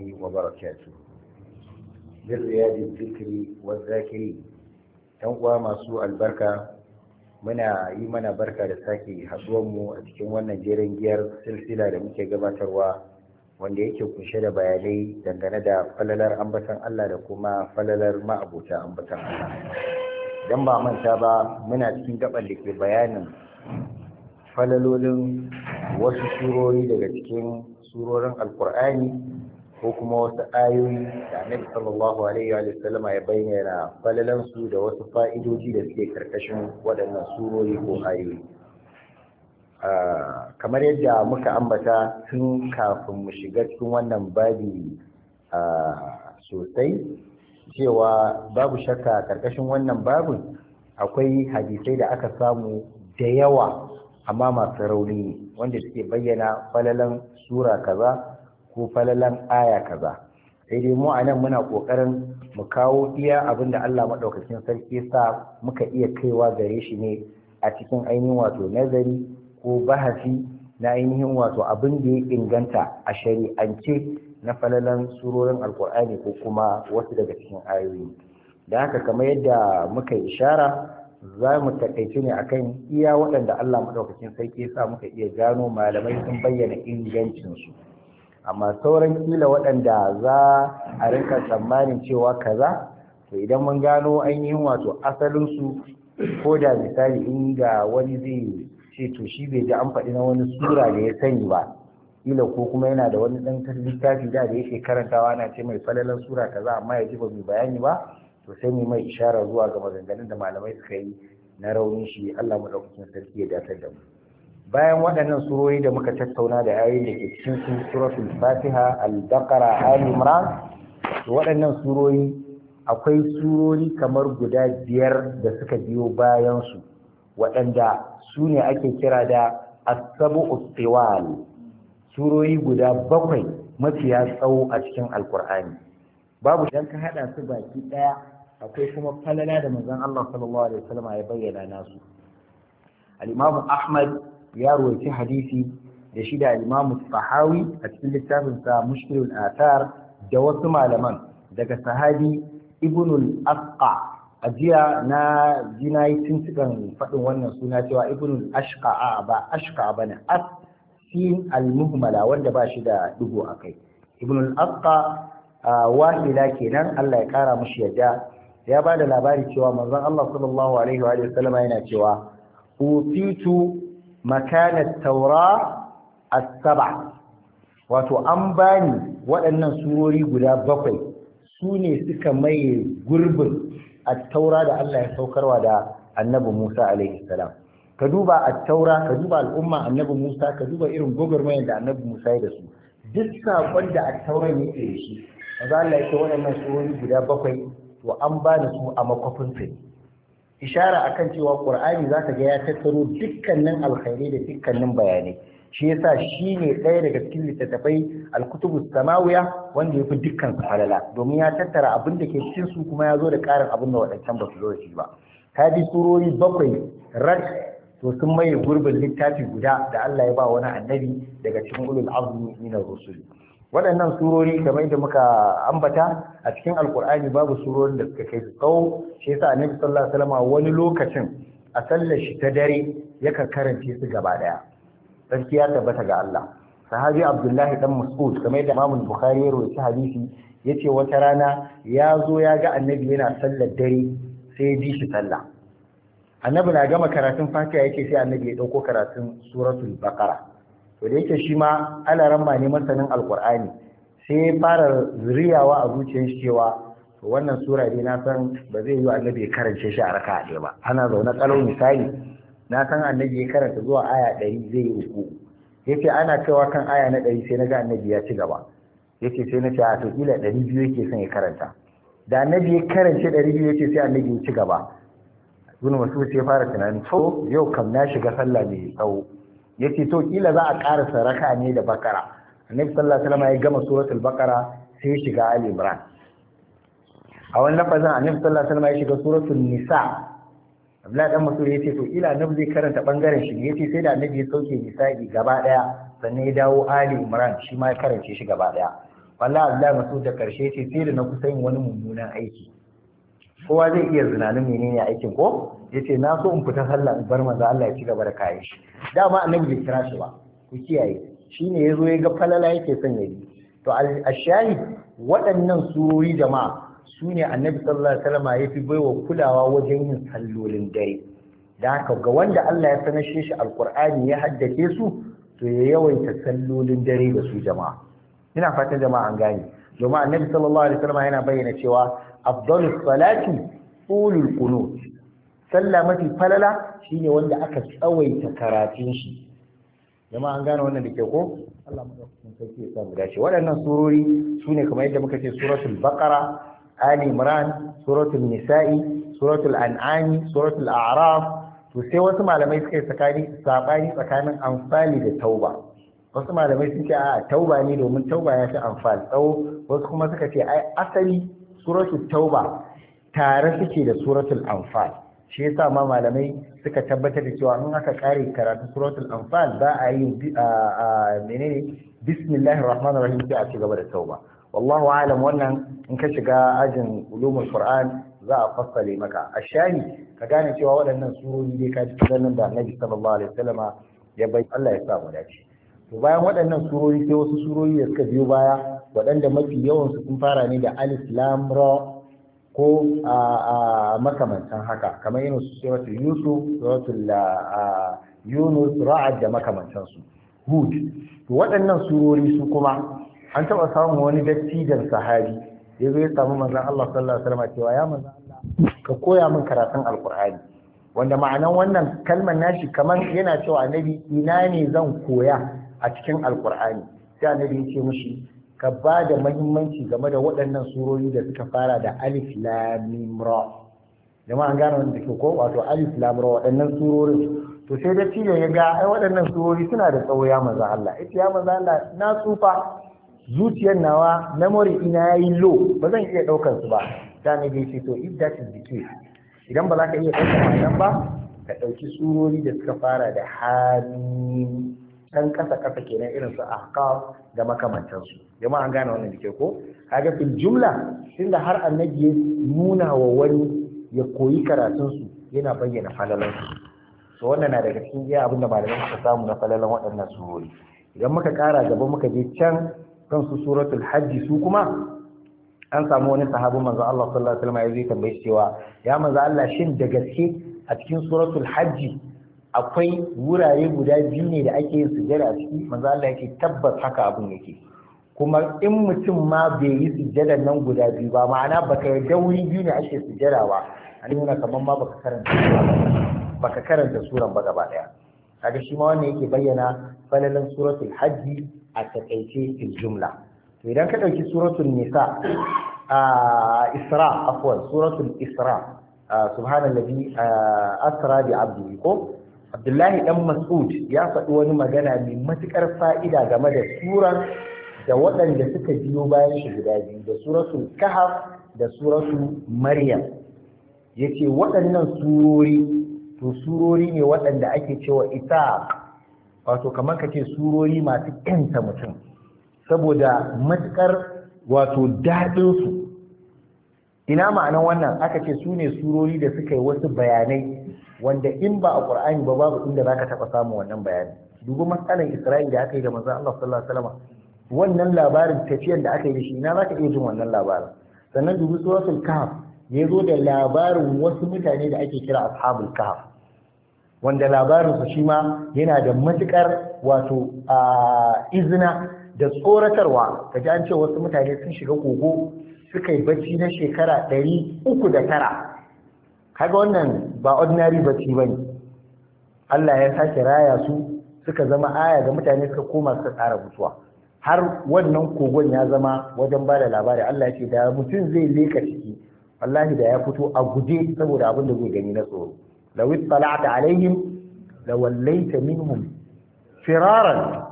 الله وبركاته للرياض الذكر والذاكرين تنقوى uwa masu albarka, muna yi mana barka da sake mu a cikin wannan jerin giyar silsila da muke gabatarwa wanda yake kunshe da bayanai dangane da falalar ambatan Allah da kuma falalar ma'abuta ambatan Allah don ba manta ba muna cikin gaban da ke bayanin falalolin wasu surori daga cikin surorin alkur'ani ko kuma wasu ayoyi da annabi sallallahu alaihi wa sallama ya bayyana su da wasu fa'idodi da suke karkashin waɗannan surori ko ayoyi kamar yadda muka ambata tun kafin mu shiga cikin wannan babi sosai cewa babu shakka karkashin wannan babin akwai hadisai da aka samu da yawa amma masu rauni wanda suke bayyana falalan sura kaza ko falalan aya kaza sai dai mu a nan muna ƙoƙarin mu kawo iya abin da Allah maɗaukakin sarki sa muka iya kaiwa gare shi ne a cikin ainihin wato nazari ko bahasi na ainihin wato abin da ya inganta a shari'ance na falalan surorin alkur'ani ko kuma wasu daga cikin ayoyi da haka kamar yadda muka ishara za mu takaice ne akan iya waɗanda Allah Maɗaukacin sarki sa muka iya gano malamai sun bayyana ingancinsu. amma sauran kila waɗanda za a rinka tsammanin cewa kaza to idan mun gano an ainihin wato asalinsu ko da misali in inda wani zai ce to shi bai ji an faɗi na wani sura da ya sani ba kila ko kuma yana da wani ɗan littafi da da yake karantawa na ce mai falalan sura kaza amma ya ji ba mai bayani ba to sai mu mai ishara zuwa ga maganganun da malamai suka yi na raunin shi Allah madaukakin sarki ya datar da mu bayan waɗannan surori da muka tattauna da ayoyin da ke cikin suratul fatiha al-baqara al imran waɗannan surori akwai surori kamar guda biyar da suka biyo bayan su waɗanda su ne ake kira da asabu tsiwal surori guda bakwai mafiya tsawo a cikin alkur'ani babu idan ka haɗa su baki ɗaya akwai kuma falala da manzon Allah sallallahu alaihi wasallam ya bayyana nasu al-Imam Ahmad ya ruwaci hadisi da shi da imamu sahawi a cikin littafinsa mushkilul athar da wasu malaman daga sahabi ibnul asqa a jiya na jina yi tuntukan faɗin wannan suna cewa ibnul ashqa a ba ashqa ba ne as sin al muhmala wanda ba shi da digo a kai ibnul asqa wahila kenan Allah ya kara mushi yadda ya ba da labari cewa manzon Allah sallallahu alaihi wa sallam yana cewa utitu makanar taura a saba wato an bani waɗannan surori guda bakwai su ne suka maye gurbin attaura taura da Allah ya saukarwa da annabi Musa salam ka duba at-taura ka duba al'umma annabi Musa ka duba irin gogormayar da annabi Musa ya da su duk sakon da at-tauran yake da shi manzo Allah ya ce waɗannan surori guda bakwai to an bani su a makwafin sai ishara akan cewa qur'ani zaka ga ya tattaro dukkanin alkhairi da dukkanin bayanai shi yasa shi ne ɗaya daga cikin littattafai alkutubu samawiya wanda ya fi dukkan su halala domin ya tattara abin da ke cikin su kuma ya zo da ƙarin abin da waɗancan ba su zo da shi ba ta bi surori bakwai rak to sun maye gurbin littafi guda da Allah ya ba wani annabi daga cikin ulul azmi min ar-rusul waɗannan surori kamar da muka ambata a cikin alkur'ani babu surorin da suka kai su tsawo shi yasa annabi sallallahu alaihi wasallam wani lokacin a sallar shi ta dare yakan karance su gaba daya gaskiya tabbata ga Allah sahabi Abdullahi dan Mas'ud kamar da imamu Bukhari ya rawaita hadisi yace wata rana ya zo ya ga annabi yana sallar dare sai ya ji shi sallah annabi na gama karatun fatiha yake sai annabi ya dauko karatun suratul baqarah to da yake shi ma ana ramba ne masanin alkur'ani sai ya fara zuriyawa a zuciyar shi cewa to wannan sura dai na san ba zai yi wa annabi ya karance shi a raka ɗaya ba ana zaune kalau misali na san annabi ya karanta zuwa aya ɗari zai yi uku yace ana cewa kan aya na ɗari sai na ga annabi ya ci gaba yace sai na ce a to kila ɗari biyu yake son ya karanta da annabi ya karance ɗari biyu yace sai annabi ya ci gaba Zunuma su sai fara tunanin to yau kam na shiga sallah mai tsawo ce to kila za a ƙara saraka ne da bakara annabi sallallahu alaihi wasallam ya gama suratul bakara sai ya shiga ali imran a wani lafazin annabi sallallahu alaihi wasallam ya shiga suratul nisa abla dan ya ce to kila annabi zai karanta bangaren shi ya ce sai da annabi ya sauke nisa'i gaba daya sannan ya dawo ali imran shi ma ya karance shi gaba daya wallahi Abdullahi Masud da karshe ce sai da na kusa yin wani mummunan aiki kowa zai iya zinanin menene aikin ko yace na so in fita sallah in bar manzo Allah ya ci gaba da kayan shi dama annabi bai kira shi ba ku kiyaye shine yazo ya ga falala yake son ya yi to ashahid waɗannan surori jama'a su ne annabi sallallahu alaihi wasallam ya fi baiwa kulawa wajen yin sallolin dare da haka ga wanda Allah ya sanar shi alqur'ani ya haddace su to ya yawaita sallolin dare da su jama'a ina fatan jama'a an gane domin annabi sallallahu alaihi wasallam yana bayyana cewa afdalus salati ulul qunut sallah mafi falala shine wanda aka tsawaita karatun shi jama'a an gane wannan da ke ko Allah madaukakin sarki ya samu dace waɗannan surori sune kamar yadda muka ce suratul baqara ali imran suratul nisa'i suratul an'ami suratul a'raf to sai wasu malamai suka yi tsakani sabani tsakanin amfani da tauba wasu malamai sun ce a tauba ne domin tauba ya fi amfani tsawo wasu kuma suka ce ai asali suratul tauba tare suke da suratul anfal shi yasa ma malamai suka tabbatar da cewa in aka kare karatu suratul anfal za a yi menene bismillahir rahmanir rahim sai a ci gaba da tauba wallahu alam wannan in ka shiga ajin ulumul qur'an za a fassale maka ashani ka gane cewa waɗannan surori dai ka ji nan da annabi sallallahu alaihi wasallama ya bai Allah ya sa mu dace to bayan waɗannan surori sai wasu surori da suka biyo baya waɗanda mafi yawan su sun fara ne da alif lam ra ko a makamantan haka kamar irin su suratul yusuf suratul yunus ra'ad da su hud to waɗannan surori su kuma an taɓa samun wani dattijan sahari. ya zo ya samu manzon Allah sallallahu alaihi wasallam cewa ya manzon Allah ka koya min karatun alkur'ani wanda ma'anan wannan kalmar nashi kamar yana cewa annabi ina ne zan koya a cikin alqur'ani sai annabi ya ce mishi ka ba da mahimmanci game da waɗannan surori da suka fara da alif lam ra jama'a an gane wanda ke ko wato alif lam ra waɗannan surorin to sai da cijo ya ga ai waɗannan surori suna da tsawo ya maza Allah ita ya maza Allah na tsufa zuciyar nawa memory ina yayi low ba zan iya daukar su ba da ne dai to if that is the case idan ba za ka iya daukar wannan ba ka ɗauki surori da suka fara da hamim can kasa kasa kenan irin su ahqaf da makamantan su jama'a an gane wannan dike ko kaga fil jumla tunda har annabi ya nuna wa wani ya koyi karatun su yana bayyana falalan su so wannan na daga cikin iya abinda malamai suka samu na falalan waɗannan surori idan muka kara gaba muka je can kan su suratul hajji su kuma an samu wani sahabi manzo Allah sallallahu alaihi wasallam ya zai tambaye cewa ya manzo Allah shin da gaske a cikin suratul hajji akwai wurare guda biyu ne da ake yin sujjada a ciki manzo Allah yake tabbas haka abun yake kuma in mutum ma bai yi sujjada nan guda biyu ba ma'ana baka yarda wuri biyu ne ake sujjada ba an nuna kamar ma baka karanta baka karanta suran ba gaba daya kaga shi ma wannan yake bayyana falalan suratul hajji a takaice fil jumla to idan ka dauki suratul nisa isra afwan suratul isra subhanallahi asra bi abdihi ko abdullahi dan mas'ud ya faɗi wani magana mai matuƙar fa'ida game da surar da waɗanda suka biyo bayan shi guda biyu da suratul kahaf da rasu maryam Ya ce waɗannan surori to surori ne waɗanda ake cewa ita wato kamar ka ce surori masu ƙyanta mutum saboda matuƙar wato daɗinsu ina ma'anan wannan aka ce su ne surori da suka yi wasu bayanai wanda in ba a ƙur'ani ba babu inda za ka taɓa samun wannan bayani dubu matsalar isra'ila da aka yi da maza allah sallallahu alaihi wasallam wannan labarin tafiyar da aka yi da shi ina za ka iya jin wannan labarin sannan dubu suratul kahf ya zo da labarin wasu mutane da ake kira ashabul kahf wanda labarin su shi ma yana da matukar wato ah, izina da tsoratarwa kaji an ce wasu mutane sun shiga kogo suka yi bacci na shekara ɗari uku da tara kaga wannan ba ordinary bacci ba ne Allah ya sake raya su suka zama aya ga mutane suka koma suka tsara mutuwa har wannan kogon ya zama wajen ba da labari Allah ya ce da mutum zai leka ciki wallahi da ya fito a guje saboda abin da zai gani na tsoro law ittala'ta alaihim wallaita minhum firaran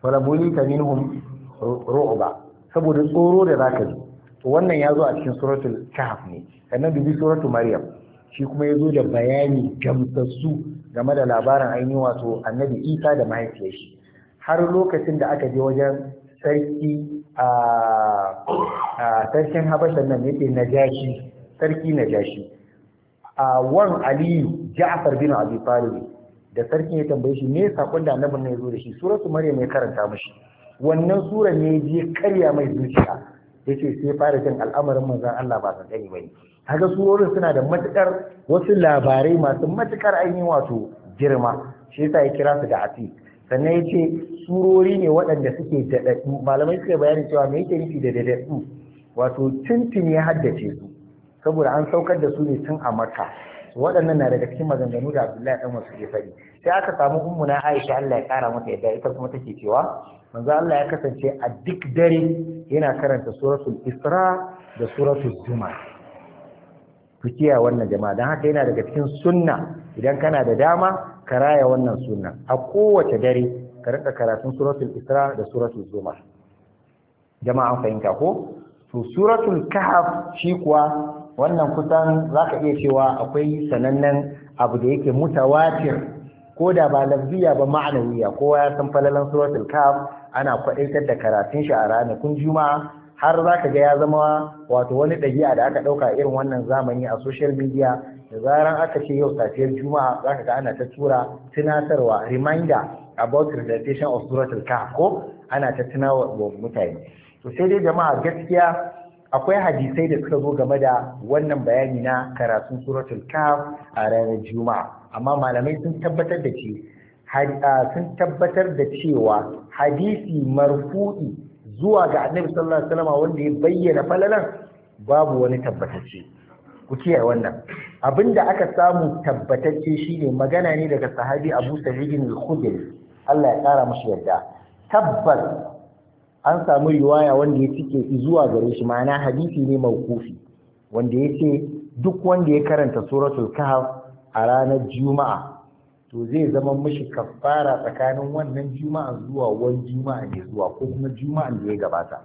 wala bulita minhum ru'ba saboda tsoro da za ka ji to wannan ya zo a cikin suratul kahf ne sannan dubi suratul maryam shi kuma ya zo da bayani gamsassu game da labarin ainihi wato annabi isa da Mahaifiyashi. har lokacin da aka je wajen sarki a sarkin habasha nan yake najashi sarki najashi a wan aliyu ja'far bin abi talib da Sarki ya tambaye shi me sakon da annabin ne ya zo da shi suratul maryam ya karanta mishi wannan sura ne ya je karya mai zuciya Ya ce sai fara jin al'amarin manzan Allah ba san kani bane kaga surorin suna da matukar wasu labarai masu matukar ainihin wato girma shi yasa ya kira su da ati sannan ya ce surori ne waɗanda suke daɗaɗɗu malamai suke bayani cewa me yake nufi da daɗaɗɗu wato tuntuni ya haddace su saboda an saukar da su ne tun a makka waɗannan na daga cikin maganganu da Abdullahi dan wasu ke fari sai aka samu ummuna Aisha Allah ya kara mata yadda ita kuma take cewa manzo Allah ya kasance a duk dare yana karanta suratul Isra da suratul Zumar ku wannan jama'a dan haka yana daga cikin sunna idan kana da dama ka raya wannan sunna a kowace dare ka rika karatun suratul Isra da suratul Zumar jama'a an fahimta ko to suratul Kahf shi kuwa wannan kusan za ka iya cewa akwai sanannen abu da yake mutawatir ko da ba lafziya ba ma'anawiya kowa ya san falalan suratul kaf ana kwadaitar da karatun shi a ranakun juma'a har za ka ga ya zama wato wani ɗabi'a da aka ɗauka irin wannan zamani a social media da zaran aka ce yau safiyar juma'a za ka ga ana ta tura tunatarwa reminder about recitation of suratul kaf ko ana ta tunawa mutane to sai dai jama'a gaskiya akwai hadisai da suka zo game da wannan bayani na karatun suratul kaf a ranar juma'a amma malamai sun tabbatar da ce sun tabbatar da cewa hadisi marfu'i zuwa ga annabi sallallahu alaihi wasallam wanda ya bayyana falalan babu wani tabbatacce ku kiyaye wannan abinda aka samu tabbatacce shine magana ne daga sahabi Abu Sa'id al-Khudri Allah ya kara mashi yarda tabbas an samu riwaya wanda ya cike zuwa gare shi ma'ana hadisi ne kofi, wanda ya ce duk wanda ya karanta suratul kahf a ranar juma'a to zai zama mishi kafara tsakanin wannan juma'a zuwa wani juma'a ne zuwa ko kuma juma'an da ya gabata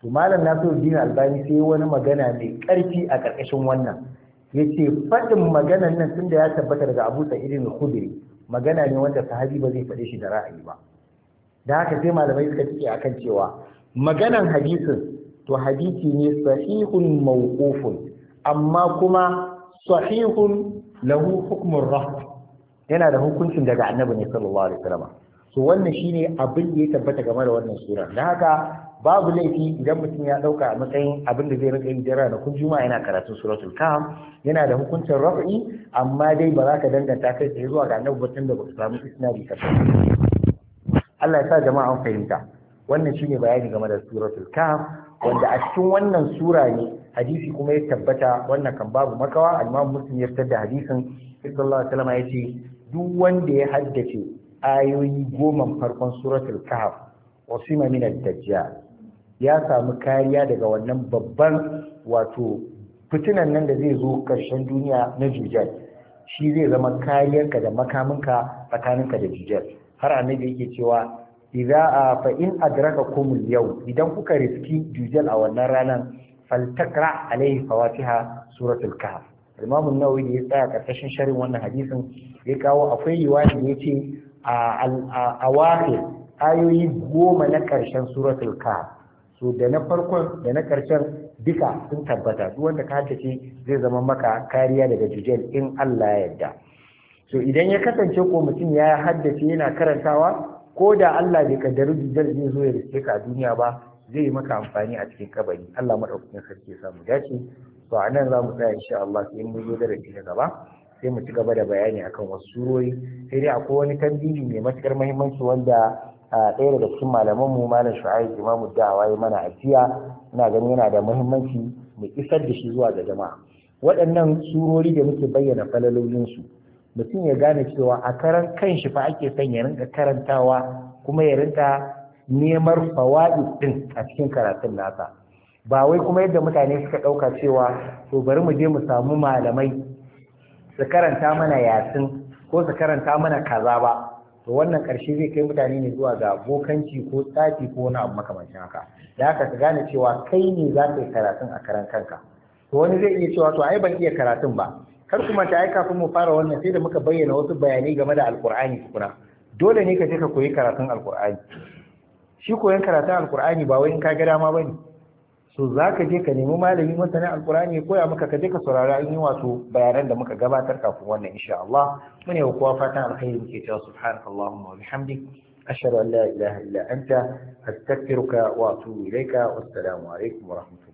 to malam nasiruddin albani sai wani magana mai karfi a karkashin wannan yace faɗin maganan nan tunda ya tabbata daga abu sa'idin khudri magana ne wanda sahabi ba zai faɗe shi da ra'ayi ba da haka sai malamai suka cike akan cewa maganan hadisin to hadisi ne sahihun mawqufun amma kuma sahihun lahu hukmun raf yana da hukuncin daga annabi ne sallallahu alaihi wasallam to wannan shine abin da ya tabbata game da wannan sura da haka babu laifi idan mutum ya dauka a matsayin abin da zai rika yin jira na kun yana karatu suratul kahf yana da hukuncin raf'i amma dai ba za ka danganta kai tsaye zuwa ga annabi ba tunda ba ka samu isnadi ka Allah ya sa jama'a an fahimta wannan shine bayani game da suratul kahf wanda a cikin wannan sura ne hadisi kuma ya tabbata wannan kan babu makawa al-Imam Muslim ya fitar da hadisin sallallahu alaihi wasallam ya ce duk wanda ya haddace ayoyi goma farkon suratul kahf wasima min ad-dajjal ya samu kariya daga wannan babban wato fitinan nan da zai zo karshen duniya na jujjal shi zai zama kariyarka da makaminka tsakaninka da jujjal har annabi yake cewa idza fa in adrakakum al idan kuka riski dujal a wannan ranar faltakra alaihi fawatiha suratul kahf Imam Nawawi da ya tsaya karkashin sharin wannan hadisin ya kawo akwai riwaya da yace a wafi ayoyi goma na karshen suratul kahf so da na farkon da na karshen duka sun tabbata duk wanda ka ce zai zama maka kariya daga jujjal in Allah ya yarda so idan ya kasance ko mutum ya haddace yana karantawa ko da Allah bai kaddara dujal zai zo ya riske ka duniya ba zai yi maka amfani a cikin kabari Allah madaukakin sarki ya samu dace to a nan za mu tsaya insha Allah sai mun zo darasi na gaba sai mu ci gaba da bayani akan wasu surori sai dai akwai wani tambayi mai matukar muhimmanci wanda ɗaya daga cikin malaman mu malam Shu'aib Imamu Da'awa ya mana ajiya ina ganin yana da muhimmanci mu isar da shi zuwa ga jama'a waɗannan surori da muke bayyana falalolinsu mutum ya gane cewa a karan kanshi fa ake son ya rinka karantawa kuma ya rinka nemar fawaid din a cikin karatun nasa ba wai kuma yadda mutane suka ɗauka cewa to bari mu je mu samu malamai su karanta mana yasin ko su karanta mana kaza ba to wannan ƙarshe zai kai mutane ne zuwa ga bokanci ko tsafi ko wani abu makamancin haka da haka ka gane cewa kai ne za ka yi karatun a karan kanka to wani zai iya cewa to ai ban iya karatun ba kar kuma ta aika kafin mu fara wannan sai da muka bayyana wasu bayanai game da alkur'ani tukuna dole ne ka je ka koyi karatun alkur'ani shi koyon karatun alkur'ani ba wai in ka ga dama bane so za ka je ka nemi malami masanin alkur'ani ya koya maka ka je ka saurara in yi wato bayanan da muka gabatar kafin wannan insha Allah mune wa kowa fatan alkhairi muke cewa subhanakallahumma wa bihamdik ashhadu an la ilaha illa anta astaghfiruka wa atubu ilaika wassalamu alaikum wa rahmatullahi